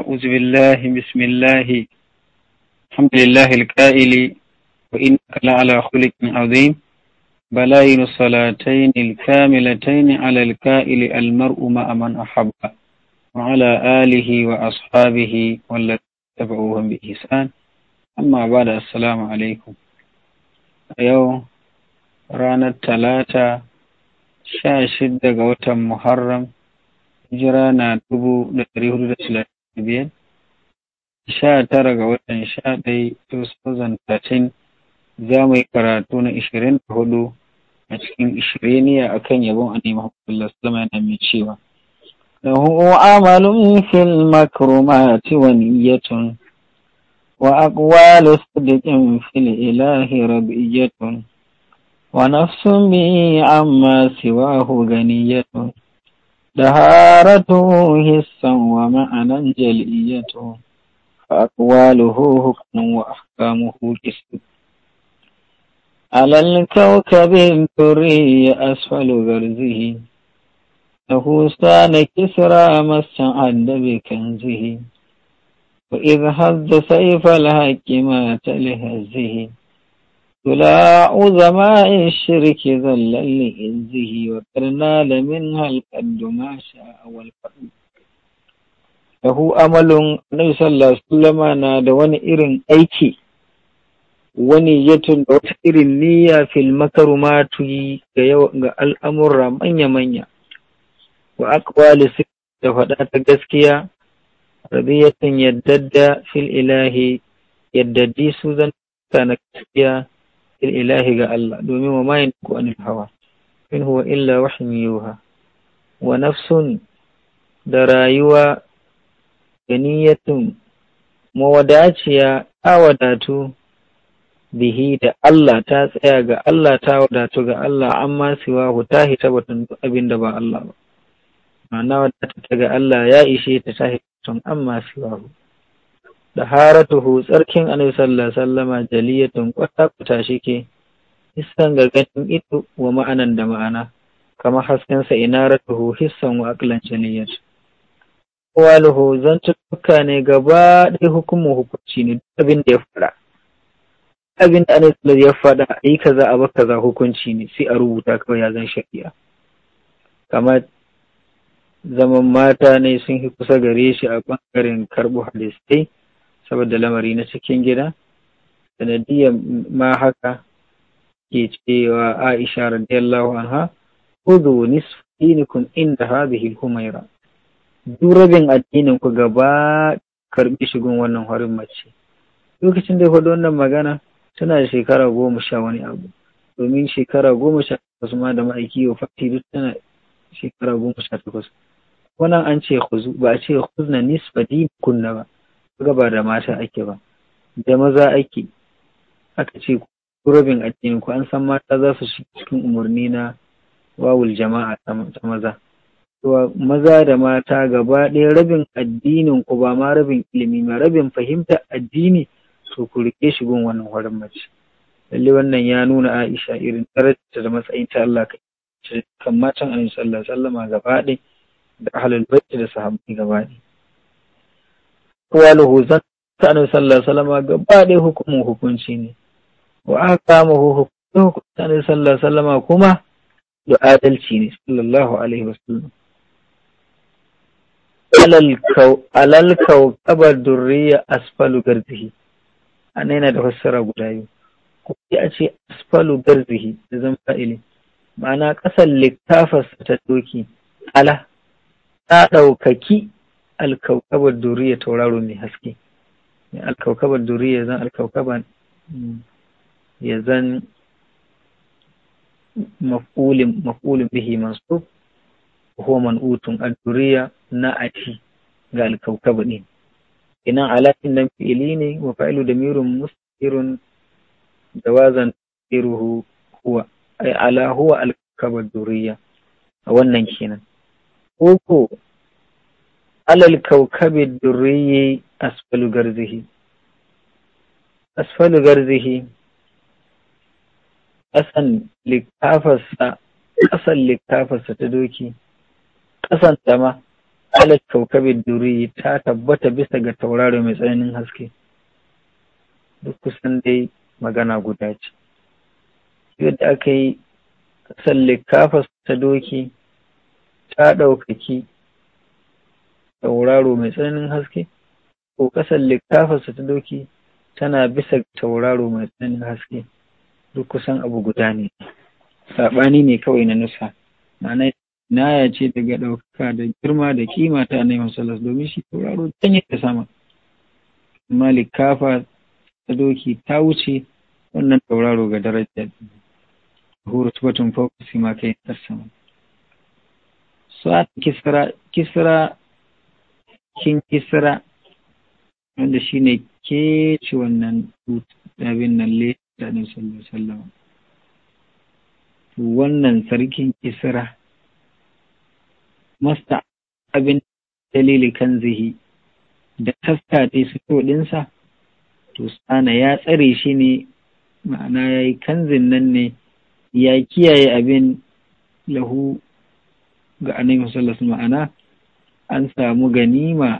أعوذ بالله بسم الله الحمد لله الكائل وإنك لعلى خلق عظيم بلاين الصلاتين الكاملتين على الكائل المرء مع من أحب وعلى آله وأصحابه والذين تبعوهم بإحسان أما بعد السلام عليكم يوم ranar talata sha shidda ga watan muharram hijira na dubu da dari hudu da biyar sha tara ga watan sha ɗaya 2013 za mu yi karatu na ishirin da hudu a cikin ishiriniya akan yabon annabi Muhammad sallallahu yana mai cewa lahu amalun fil makrumati wa niyyatun wa aqwalu sadiqin fil ilahi rabiyyatun wa nafsun bi amma siwahu ganiyatun دهارته حسا ومعنى جليته فأقواله حكم وأحكامه جسد على الكوكب الكري أسفل غرزه له سان كسرى مسعى استعد بكنزه وإذ هز سيف الحق مات لهزه سلاء زماء الشرك ذلا لعزه وقد نال منها القد ما شاء والفرد lahu amalun annabi sallallahu alaihi wasallama na da wani irin aiki wani yatun da wata irin niyya fil makarumati ga al'amura al'amurra manya manya wa aqwali da faɗa ta gaskiya radiyatan yaddadda fil ilahi yaddadi su zan na gaskiya ilahi ga Allah domin wa mayin ku anil hawa in huwa illa wahyin yuha wa nafsun da rayuwa ga niyyatun mawadaciya ta wadatu bihi da Allah ta tsaya ga Allah ta wadatu ga Allah amma siwa hu ta hita batun abin da ba Allah ba ma'ana wadata ta ga Allah ya ishe ta ta hita amma siwa hu Da tsarkin annabi sallallahu alaihi wasallama jaliyatun kwata-kwata shike hissan ga ganin ido wa ma'anan da ma'ana kama haskensa inaratuhu hissan wa aklan jaliyat waluhu tuka ne gaba ɗaya hukumu hukunci ne duk abin da ya faɗa abin da annabi ya faɗa a yi kaza a baka kaza hukunci ne sai a rubuta kawai ya zan shari'a kamar zaman mata ne sun fi kusa gare shi a ɓangaren karɓo hadisai saboda lamari na cikin gida sanadiyya ma haka ke cewa aisha radiyallahu anha kudu nisfu dinikum inda hadhihi humaira duk rabin addinin ku gaba karbi shigun wannan horin mace lokacin da ya faɗi wannan magana tana da shekara goma sha wani abu domin shekara goma sha takwas ma da ma'aiki wa fati duk tana shekara goma sha takwas wannan an ce ba a ce khuzna nisfa dinikum na ba ga ba da mata ake ba da maza ake aka ce ku rabin addini ku an san mata za su shiga cikin umarni na wawul jama'a ta maza maza da mata gaba ɗaya rabin addinin ku ba ma rabin ilimi ma rabin fahimta addini su ku rike shi gun wannan horon mace lalle wannan ya nuna Aisha irin tarata da matsayin ta Allah kai kan matan Annabi sallallahu alaihi wasallama gaba ɗaya da ahlul bait da sahabbai gaba ɗaya aqwaluhu zan annabi sallallahu alaihi wasallam gaba ɗaya hukumin hukunci ne wa aqamahu hukumin annabi sallallahu alaihi wasallam kuma da adalci ne sallallahu alaihi wasallam alal ƙabar durriya asfalu garzihi an yana da fassara guda biyu ko a ce asfalu garzihi da zan fa'ili ma'ana ƙasan littafarsa ta doki ala ta ɗaukaki alkaukabar duriya tauraro mai haske alkaukabar duriya zan alkaukabar mm, ya zan maf'ulin maf'ulin bihi masu huwa man'utun a duriya na ati ga alkaukabar ɗin. Ina alatin nan fi'ili ne wa fa'ilu damirun da jawazan iruhu huwa ay ala huwa alkaukabar duriya wannan kenan ko ko alal kaukabe durriyi asfalu garzihi asfalu garzihi ƙasan likafarsa ƙasan likafarsa ta doki ƙasan ma alal kaukabe durriyi ta tabbata bisa ga tauraro mai tsananin haske duk kusan dai magana guda ce yadda aka yi ƙasan likafarsa ta doki ta ɗaukaki tauraro mai tsananin haske ko ƙasar likkafarsa ta doki tana bisa tauraro mai tsananin haske duk kusan abu guda ne saɓani ne kawai na nusa ma'ana naya ce daga ɗaukaka da girma da kima ta yawan salas domin shi tauraro can yake sama amma likkafa ta doki ta wuce wannan tauraro ga darajar huru tubatun fokus ma kai ta sama sa'at kisra kisra kin kisra wanda shi ke keci wannan abin nan leta na sallallahu alaihi wannan sarkin kisra masta abin dalili kan zihi da taskace su ɗinsa to sana ya tsare shi ne ma'ana ya yi kanzin nan ne ya kiyaye abin lahu ga annabi sallallahu ma'ana an samu ganima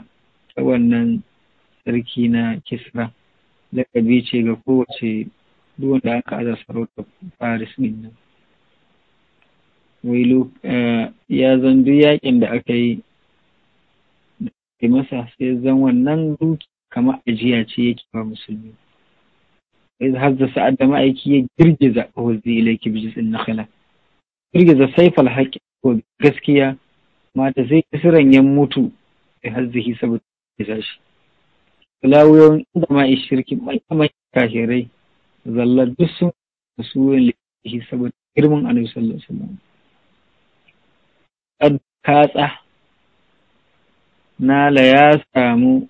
ta wannan sarki na Kisra. daga ce ga kowace duwan da aka aza sarautar Faris ne nan. Wailu eh, ya zan duk yakin da aka yi da masa sai zan wannan duki kama ajiya ce yake ba musulmi. da sa'ad da ma'aiki ya girgiza wazi ilai kibjis na khala. Girgiza saifal haƙi ko gaskiya mata sai kisiran ya mutu bi hazzihi saboda ya shi fulawuyoyin inda ma shirki mai kafirai zallar duk sun surin lafihi saboda girman annabi sallallahu alaihi wasallam katsa nala ya samu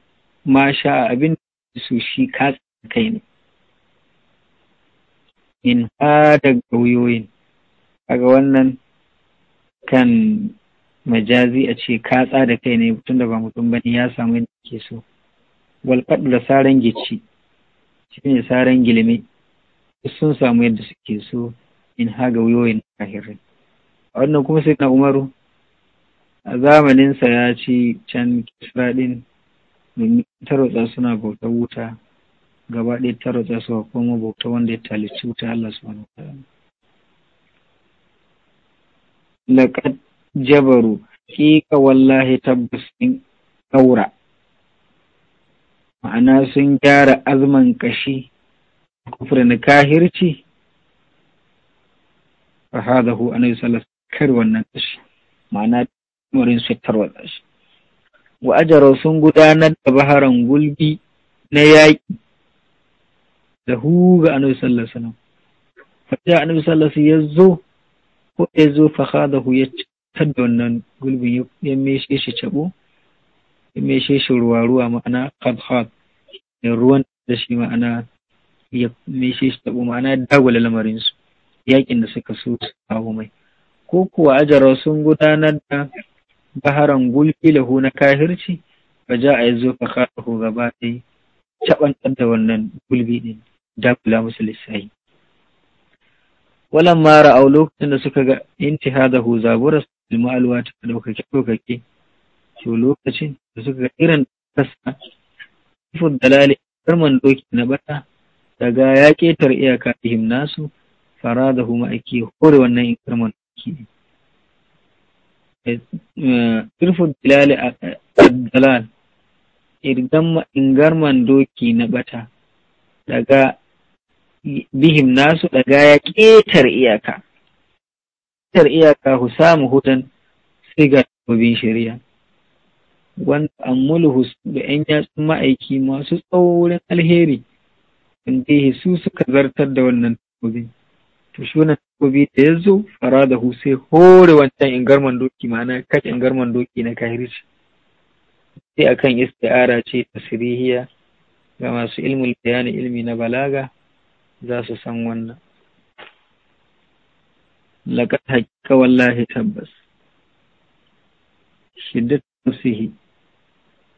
masha abin da su shi katsa kai ne in ha daga wuyoyin kaga wannan kan majazi a ce ka tsada kai ne tun da ba mutum bane ya samu yadda ke so wal da saran gici shine saran gilimi sun samu yadda suke so in haga wuyoyin kahirin a wannan kuma sai na umaru a sa ya ci can kisra din domin tarotsa suna bauta wuta gaba ɗaya tarotsa su kuma bauta wanda ya talici wuta Allah subhanahu wa laƙad jabaru kika wallahi tabbas in ɗaura. ma'ana sun gyara azman kashi kufrin kahirci fa hu annabi sallallahu kar wannan kashi ma'ana murin su tarwata shi wa ajaro sun gudanar da baharan gulbi na yaƙi da ga annabi sallallahu alaihi wasallam fa annabi sallallahu alaihi wasallam ya zo ko ya zo fa hadahu ya ci fitar da wannan gulbin ya meshe shi cabo ya meshe shi ruwa-ruwa ma'ana hab-hab ruwan da shi ma'ana ya meshe shi tabo ma'ana ya lamarin lamarinsu yakin da suka so su kawo mai ko kuwa ajara sun gudanar da baharan gulfi lahu na kahirci ba ja a yazo fa khalahu gaba ɗaya cabantar da wannan gulbi din dagula musu lissahi walan mara a lokacin da suka ga inti hada hu nemi alwa ta ɗaukake ɗaukake to lokacin da suka ga irin kasa ifin dalali man doki na bata daga ya ketar iyaka ihim nasu fara da huma ake hore wannan in man doki eh, irfin dalali a dalal man doki na bata daga bihim nasu daga ya ketar iyaka tar iyaka ku samu hudan sai ga mabin shari'a wanda ammulu da yan yatsun ma'aiki masu tsawo wurin alheri inda su suka zartar da wannan takobi to shi wannan takobi da ya zo fara da hu sai hore wancan ingarman doki ma'ana in ingarman doki na kahirci sai akan isti'ara ce ta tasirihiya ga masu ilmul bayani ilmi na balaga za su san wannan laƙar haƙiƙa wallahi tabbas shiddat nafsihi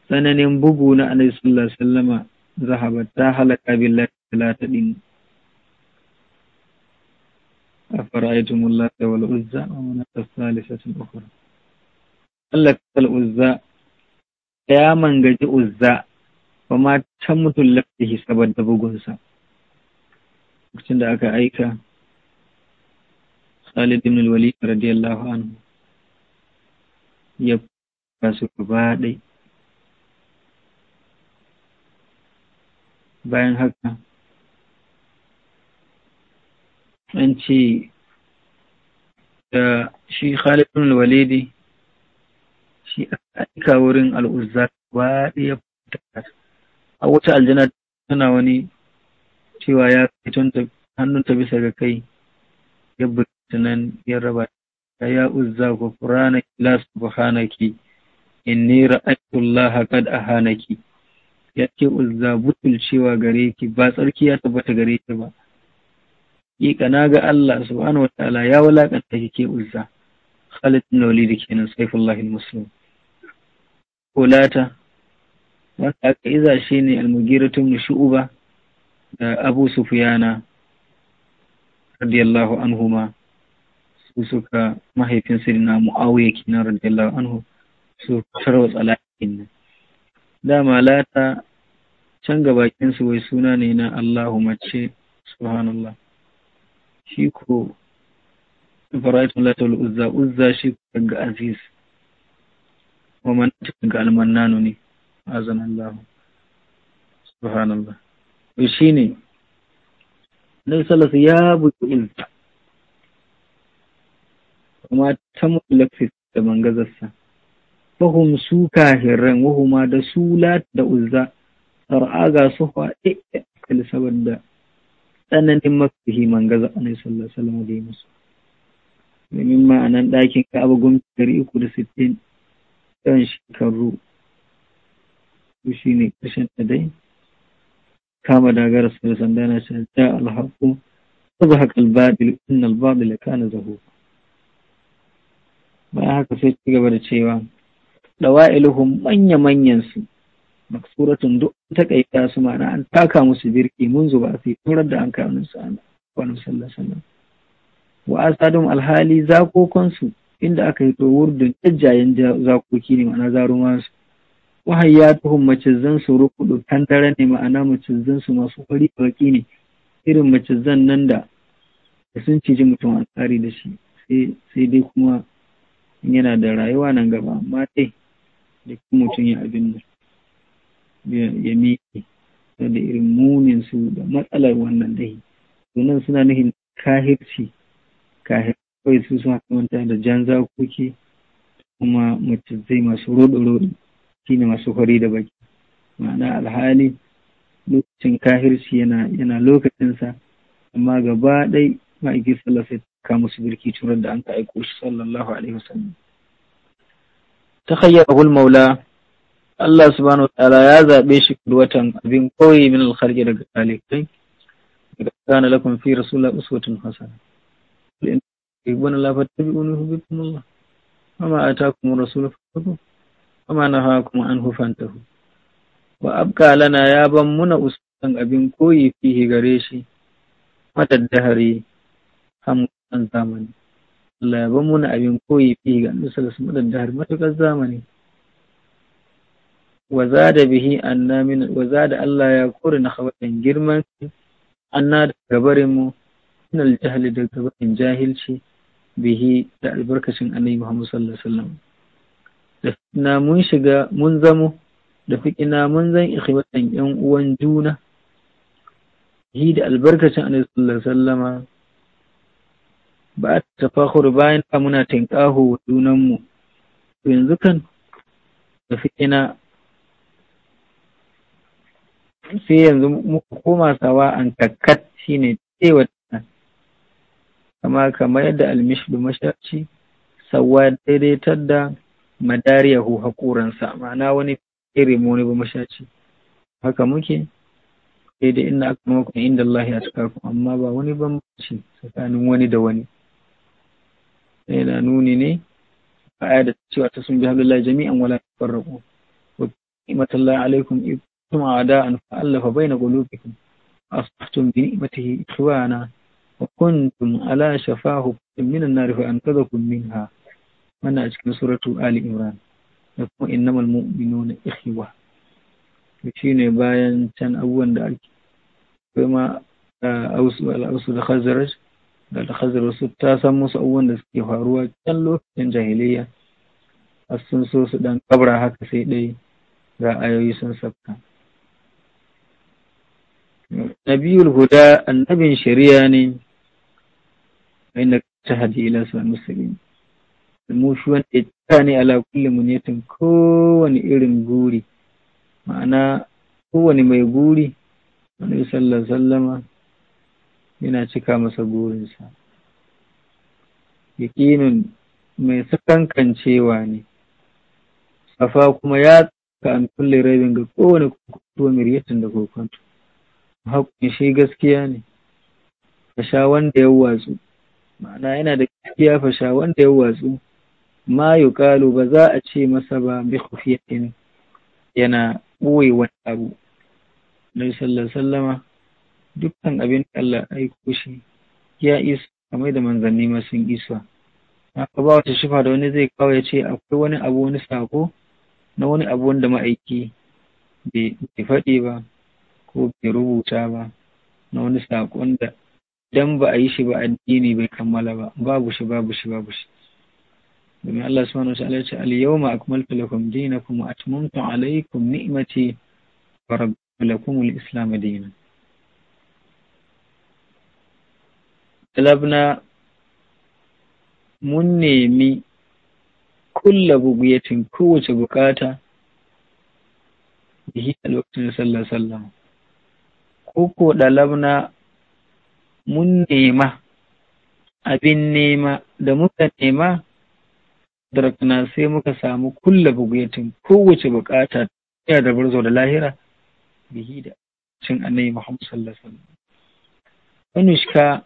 tsananin bugu na alaihi sallallahu sallama zahabar ta halaka billahi talata ɗin a fara'aitun Allah da wal uzza wa manata salisatul ukhra Allah kal uzza ya mangaji uzza ba ma can mutum lafihi saboda bugunsa lokacin da aka aika Khalid bin al-Walid radiyallahu anhu ya basu gaba ɗai bayan haka an ce da shi Khalid bin al-Walid shi aika wurin al'uzza gaba ɗaya a wata aljana tana wani cewa ya fitonta hannunta bisa ga kai ya buɗe Tunan ya raba ta ya uzza ku, gufranaki ila subhanaki inni ra'aytu allaha qad ahanaki yake uzza butul cewa gare ki ba tsarki ya tabbata gare ki ba yi na ga Allah subhanahu wa ta'ala ya wulakanta ki ke uzza Khalid ibn Walid kenan sayfullahi muslim ulata wata aka iza shi ne almugiratun da shu'uba da abu sufiyana radiyallahu anhuma su suka mahaifin sirina mu'awiya kenan radiyallahu anhu su tarwatsa lakin nan dama lata can ga bakin su wai suna ne na Allahu mace subhanallah shi ko ibrahim latul uzza uzza shi ga aziz wa man ga almannanu ne azan Allah subhanallah shi ne Nabi sallallahu ya buƙi ilta kama ta mulafi da mangazarsa. Fahim su kahiran wahuma da sulat da uzza, sar'a ga su faɗi eh, eh, a kali saboda tsananin mafihi mangaza a nai sallallahu alaihi da yi musu. Domin ma'anan ɗakin ka'aba gwamnati ɗari uku da sittin ɗan shekaru. Su shi ne ƙarshen da dai. Kama dagarsa da sanda na shan ja alhaƙu. Sabahak albabil, inna albabil kana zahuka. bayan haka sai ci gaba da cewa dawa'iluhum manya manyan su maksuratun duk ta kaita su ma'ana an taka musu birki mun zuba su turar da an kawo su an wani sallallahu wa asadum alhali zakokon su inda aka yi to wurdun jajjayen zakoki ne ma'ana zaruma su wahayyatuhum macizzan su rukudu tantare ne ma'ana macizzan su masu fari baki ne irin macizzan nan da sun ciji mutum an tsari da shi sai dai kuma yana da rayuwa nan gaba amma dai duk mutum ya abin da ya miƙe da irin munin su da matsalar wannan dai sunan suna nufin kahirci kahirci kawai su sun manta da jan zakoki kuma zai masu roɗo-roɗo shine masu hori da baki ma'ana alhali lokacin kahirci yana lokacinsa amma gaba ɗai ma'aikin sallallahu taka musu birki turar da an ka aiko shi sallallahu alaihi wasallam takhayyabul maula Allah subhanahu wa ta'ala ya zabe shi watan abin koyi min al-kharqi daga talikai daga kana lakum fi rasulillahi uswatun hasana in ibn la fattabi'uni hubbikum Allah wama atakum rasul fakhudhu wama nahakum anhu fantahu wa abqa lana ya ban muna uswatan abin koyi fihi gare shi madad dahari ham son zamani Allah ya ban muna abin koyi fi ga annabi sallallahu alaihi wasallam da har matukar zamani wa zada bihi anna min wa zada Allah ya kore na hawatan girman anna da gabarin mu min al da gabarin jahilci bihi da albarkacin annabi Muhammad sallallahu alaihi wasallam da na mun shiga mun zamo da fiƙina mun zan ikhwatan yan uwan juna hi da albarkacin annabi sallallahu alaihi wasallama ba a tafahur bayan da muna tinƙaho wa junanmu to yanzu kan tafi ina sai yanzu muka koma sawa an shi ne cewa kama kamar yadda almishdu mashaci sawa daidaitar da madariyahu haƙuransa ma'ana wani irin wani ba mashaci haka muke daidai inda aka makon inda Allah ya tuka amma ba wani bambanci tsakanin wani da wani yana nuni ne a aya da cewa ta sun bi hablillahi jami'an wala tafarraqu wa ni'matallahi alaikum ibtum a'da'an fa'alafa baina qulubikum asbahtum bi ni'matihi ikhwana wa kuntum ala shafa hufin an nari fa anqadhakum minha wannan a cikin suratu ali imran da kuma innamal mu'minuna ikhwa to ne bayan can abubuwan da ake akwai ma eh, ausu da khazraj da alhazar wasu ta san musu abubuwan da suke faruwa can lokacin jahiliya har sun so su dan kabra haka sai dai ga ayoyi sun sabka nabiyul huda annabin shari'a ne inda ta hadi ila musulmi mu wanda ya cika ne ala kulli muniyatin kowane irin guri ma'ana kowane mai guri wani sallar sallama yana cika masa burinsa yaƙinin mai sakankancewa ne safa kuma ya tsaka an kulle rabin ga kowane kuwa miryatin da kokonto haƙƙin shi gaskiya ne fasha wanda ya watsu ma'ana yana da gaskiya fasha wanda ya watsu ma ƙalu ba za a ce masa ba bi khufiyatin yana ɓoye wani abu Nabi sallallahu alaihi dukkan abin da Allah aiko shi ya isa kamar da manzanni ma sun isa haka ba wata shifa da wani zai kawo ya ce akwai wani abu wani sako na wani abu wanda ma'aiki bai faɗi ba ko bai rubuta ba na wani sakon da idan ba a yi shi ba addini bai kammala ba babu shi babu shi babu shi domin Allah subhanahu wa ta'ala ya ce al-yawma akmaltu lakum dinakum wa atmamtu alaykum ni'mati wa raditu lakum al-islam dinan labna mun nemi kulla buguyatin kowace bukata da hita lokacin sallar sallam ko ko labna mun nema abin nema da muka nema darakna sai muka samu kulla buguyatin kowace bukata ya da burzo da lahira bihi da cin annabi muhammad sallallahu alaihi wasallam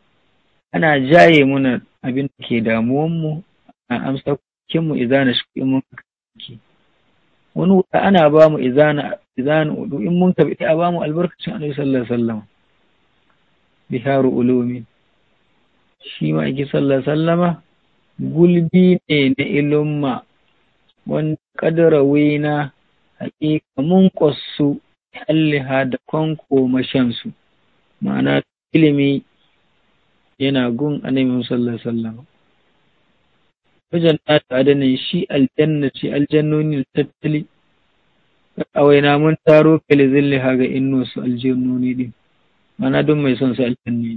ana jaye muna abin da ke damuwanmu a amsa mu izana shi mun ki wani wuta ana ba mu izana izana udu in mun kabi a ba mu albarkacin annabi sallallahu alaihi wasallam biharu ulumi shi ma ki sallallahu sallama gulbi ne na ilumma wanda kadara wina hakika mun kwasu alliha da kwanko mashansu ma'ana ilimi yana gun annabi sallallahu alaihi wasallam wajen da adana shi aljanna ce aljannoni tattali a waina mun taro kale zille ga inno su aljannoni din mana don mai son su aljanni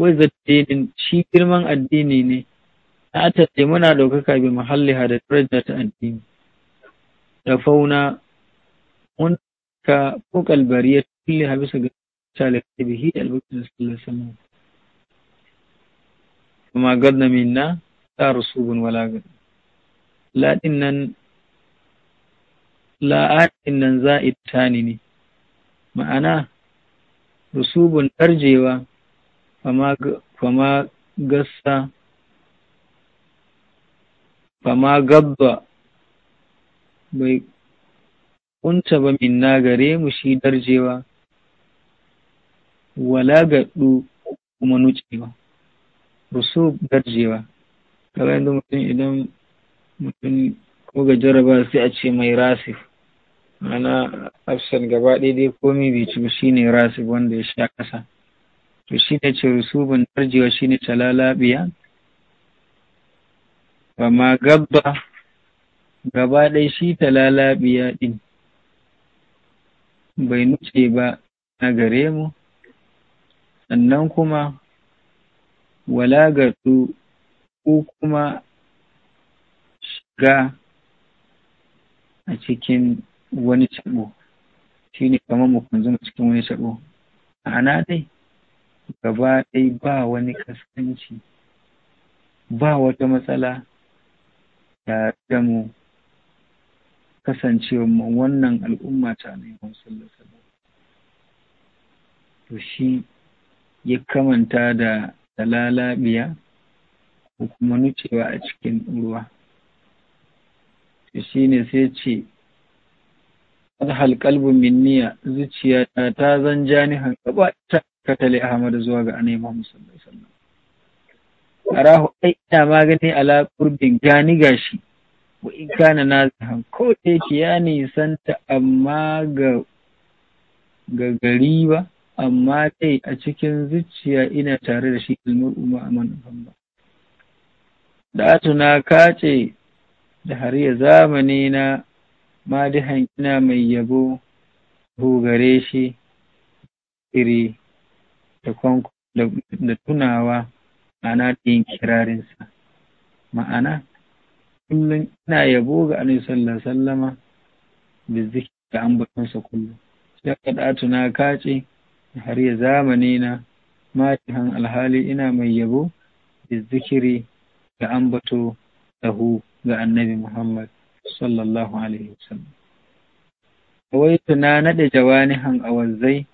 wai zaddinin shi girman addini ne na ce muna ɗaukaka bi mahalli da daraja ta addini da fauna mun ka kokal tulli ha habisa ga talaka bihi albukin sallallahu kuma gadna minna la rusubun wala gad la'adin nan za a nan za'itani ne ma'ana rusubun tarjewa fama gassa fama gabba bai kunta ba minna gare mu shi darjewa wala gaɗu kuma nucewa rusu garjewa Kala yanzu mutum idan mutum ko ga jaraba sai a ce mai rasif mana absent gaba ɗaya dai komai bai ci ba shine rasif wanda ya sha ƙasa to shine ce rusubun garjewa shine talalabiya ba ma gabba gaba ɗaya shi talalabiya ɗin bai nuce ba na gare mu sannan kuma wala ko kuma shiga a cikin wani taɓo shi ne kamar mu zama cikin wani taɓo ana dai gaba ɗai ba wani kaskanci ba wata matsala Ya da mu kasancewar wannan al'umma ta annabi sallallahu to shi ya kamanta da da lalabiya ko kuma nucewa a cikin ruwa to shine sai ce alhal qalbu niyya zuciya ta zan janihan gaba ta katale ahmad zuwa ga annabi muhammad sallallahu alaihi wasallam arahu ai ina magani ala qurbin gani gashi wa in kana nazihan ko da yake ya nisanta amma ga ga gari ba amma dai a cikin zuciya ina tare da shi umma ma'aman bamba da kace da har ya zamani na madihan ina mai yabo gare shi iri da tunawa ana da kirarinsa ma'ana kullum ina yabo ga annabi sallallahu alaihi wasallama da zikir da kullum sai ka da tuna kace har ya zamani na matihan alhali ina mai yabo da zikiri ga ambato dahu ga annabi Muhammad sallallahu alaihi wasallam. wai na naɗe jawanihan wanzai,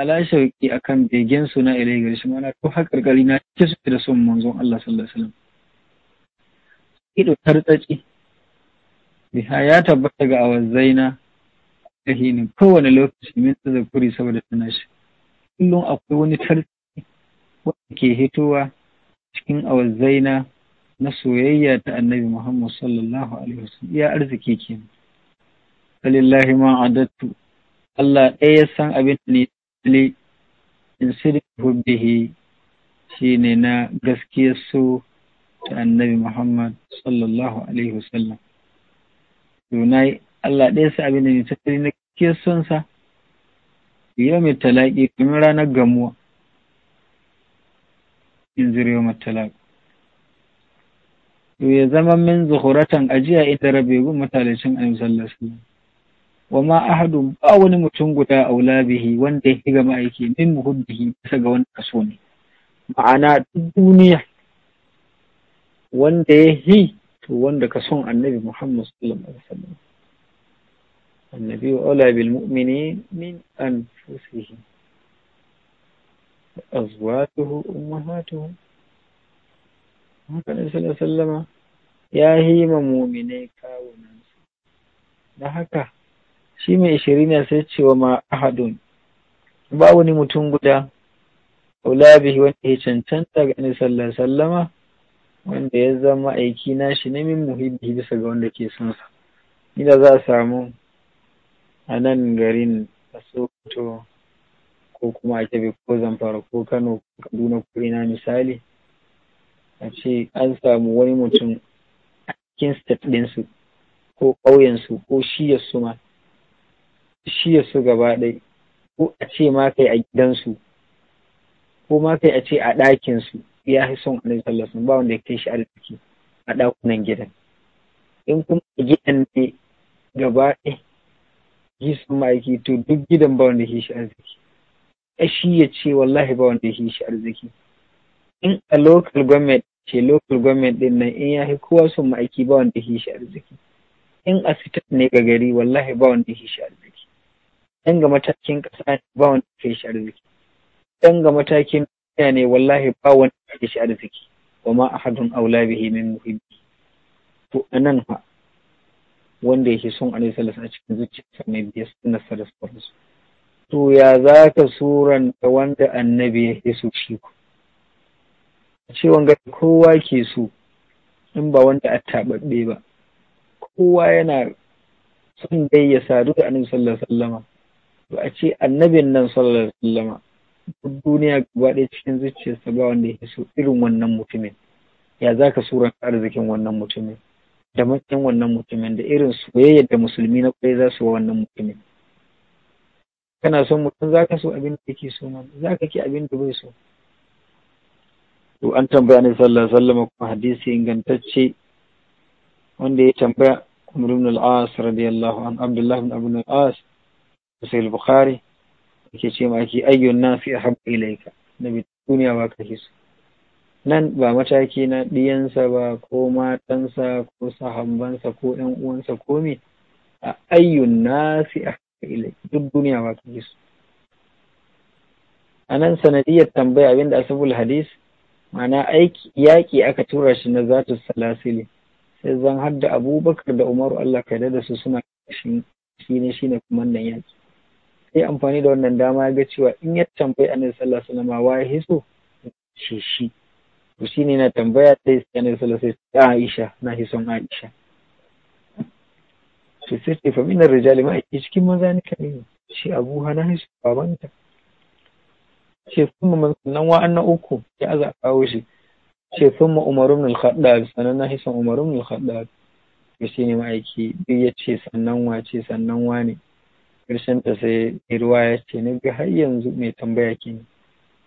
ala shauki akan begen su na ilai gari shi mana ko haƙarƙari na cike su da son manzon Allah sallallahu alaihi wasallam. Ido tartsatsi biha ya tabbata ga awazzai na kahinin kowane lokaci min kuri saboda tana shi. kullum akwai wani tarki wanda ke hitowa cikin awazzaina na soyayya ta annabi Muhammad sallallahu alaihi wasallam ya arziki ke falillahi ma adattu Allah ɗaya ya san abin da ne in sirri hubbihi ne na gaskiya so ta annabi Muhammad sallallahu alaihi wasallam to Allah ɗaya san abin da ne na gaskiyar son sa yawmi talaqi kamar ranar gamuwa inzir yawmi talaqi to ya zama min zuhuratan ajiya ita rabe gun matalicin annabi sallallahu alaihi wasallam wa ma ahadu ba wani mutum guda a wula bihi wanda ya ga ma'aiki min muhuddihi bisa ga wani so ne ma'ana duk duniya wanda ya yi to wanda ka son annabi Muhammad sallallahu alaihi wasallam النبي أولى بالمؤمنين من أنفسهم أزواجه أمهاته haka ne sallallahu sallama ya yi ma muminai kawunansu da haka shi mai shirina sai cewa ma ahadun ba wani mutum guda ulabihi wanda ya cancanta ga ni sallama wanda ya zama aiki na shi ne bisa ga wanda ke sonsa. Gida za a samu a nan garin a Sokoto ko kuma a Kebbi ko Zamfara ko Kano ko Kaduna ko ina misali a ce an samu wani mutum a cikin state ɗinsu ko ƙauyensu ko shiyarsu ma shiyarsu gaba ɗai ko a ce ma kai a gidansu ko ma kai a ce a ɗakinsu ya fi son a nan alaihi ba wanda ya kai shi arziki a ɗakunan gidan in kuma a gidan ne gaba ɗaya yi su aiki to duk gidan ba wanda shi arziki a shi ya ce wallahi ba wanda shi arziki in a local government ce local government din nan in ya fi kowa son ma'aiki ba wanda shi arziki in a fita ne ga gari wallahi ba wanda shi arziki dan ga matakin kasa ba wanda ke shi arziki dan ga matakin duniya ne wallahi ba wanda ke shi arziki wa ma ahadun aula bihi min muhimmi. to anan fa wanda yake son alaihi sallallahu a cikin zuciyarsa mai su sunnarsa da sauransu to ya za ka suranta wanda annabi ya ke so shi ku ce wanga kowa ke so in ba wanda a taɓaɓɓe ba kowa yana son dai ya sadu da annabi sallallahu alaihi to a ce annabin nan sallallahu alaihi duk duniya gaba ɗaya cikin zuciyarsa ba wanda ya so irin wannan mutumin ya za ka suranta arzikin wannan mutumin da matsayin wannan mutumin da irin soyayya da musulmi na kai za su wa wannan mutumin kana son mutum za ka so abin da yake so mana za ka ki abin da bai so to an tambaya ne sallallahu sallama kuma hadisi ingantacce wanda ya tambaya Umar ibn al-As radiyallahu an Abdullah ibn Abu al-As sai al-Bukhari yake ce ma ki ayyun nasi ahabbu ilayka nabi duniya ba ka so nan ba mataki na ɗiyansa ba ko matansa ko sahambansa ko ‘yan uwansa ko me a ayyun nasi a duk duniya ba kake so a nan sanadiyar tambaya abinda asabul hadis ma'ana aiki yaƙi aka tura shi na zatu salasili sai zan hadda abubakar da umaru allah ka da su suna shi ne shi ne kuma nan yaƙi sai amfani da wannan dama ya ga cewa in ya tambayi annabi sallallahu alaihi wasallam wa hiso shi shi to ne na tambaya da sai annabi salasai, alaihi Aisha na shi son Aisha to sai ce famin rijali ma ake cikin maza ne kare shi Abu Hana shi babanta ce sun man sannan wa'an na uku ya aza kawo shi ce sun ma ibn al-Khattab sannan na hison Umar ibn al shi ne shine ma'aiki duk ya ce sannan wa ce sannan wa ne karshen ta sai irwa ya ce ni ga har yanzu mai tambaya kenan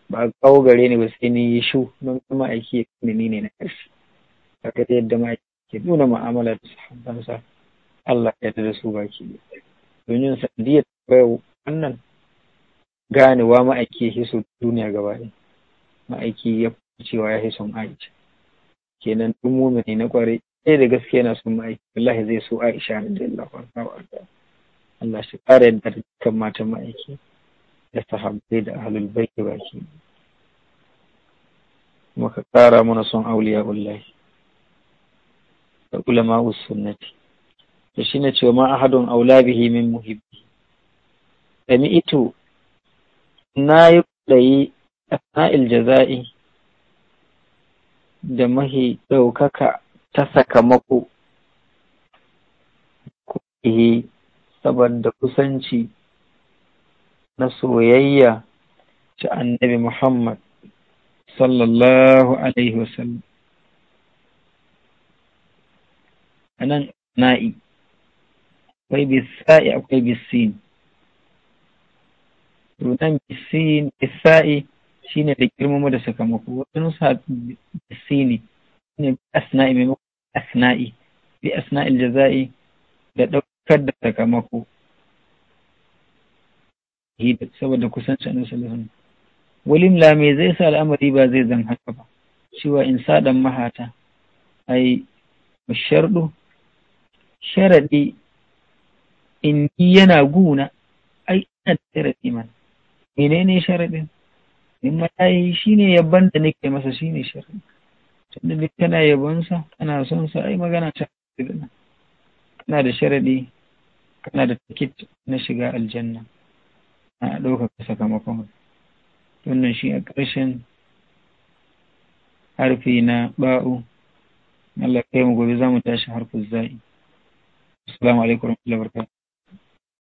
ba kawo gare ni ba sai ni yi shu don kuma aiki da ni ne na ƙarshe a ta yadda ma ke nuna ma'amala da sahabbansa Allah ya da su baki domin sandiyar bai wannan ganewa ma'aiki ya hiso duniya gaba ɗaya ma'aiki ya cewa ya hiso Aisha kenan duk mumini na kware sai da gaske yana son ma'aiki wallahi zai so Aisha radiyallahu anha Allah shi ƙara yadda dukkan matan ma'aiki da sahabbai da ahlul baiti baki kuma ka kara mana son auliya ullahi da ulama sunnati to shine cewa ma ahadun aula bihi min muhibbi sami ito na yi kudayi a jaza'i da mahi ɗaukaka ta sakamako kuɗi saboda kusanci na soyayya ta annabi Muhammad sallallahu Alaihi wasallam. A nan na'i, akwai bisa'i akwai bisin. Runan bisin bisa'i shi ne da girmama da sakamako, wata nusa bisini shi ne asna'i maimakon asna'i, bi asna'il jaza'i da ɗaukar da sakamako. saboda kusancin annabi sallallahu alaihi walim la me zai sa al'amari ba zai zan haka ba cewa in sadan mahata ai shardu sharadi in yana guna ai ina da sharadi man menene sharadin in ma shi shine yabban da nake masa shine sharadi tunda duk kana yabonsa kana son sa ai magana ta kana da sharadi kana da tikit na shiga aljanna a ɗaukaka sakamakon wannan shi a ƙarshen harfi na ba'u Allah kai mu gobe za mu tashi harfin za'i assalamu alaikum warahmatullahi wabarakatuh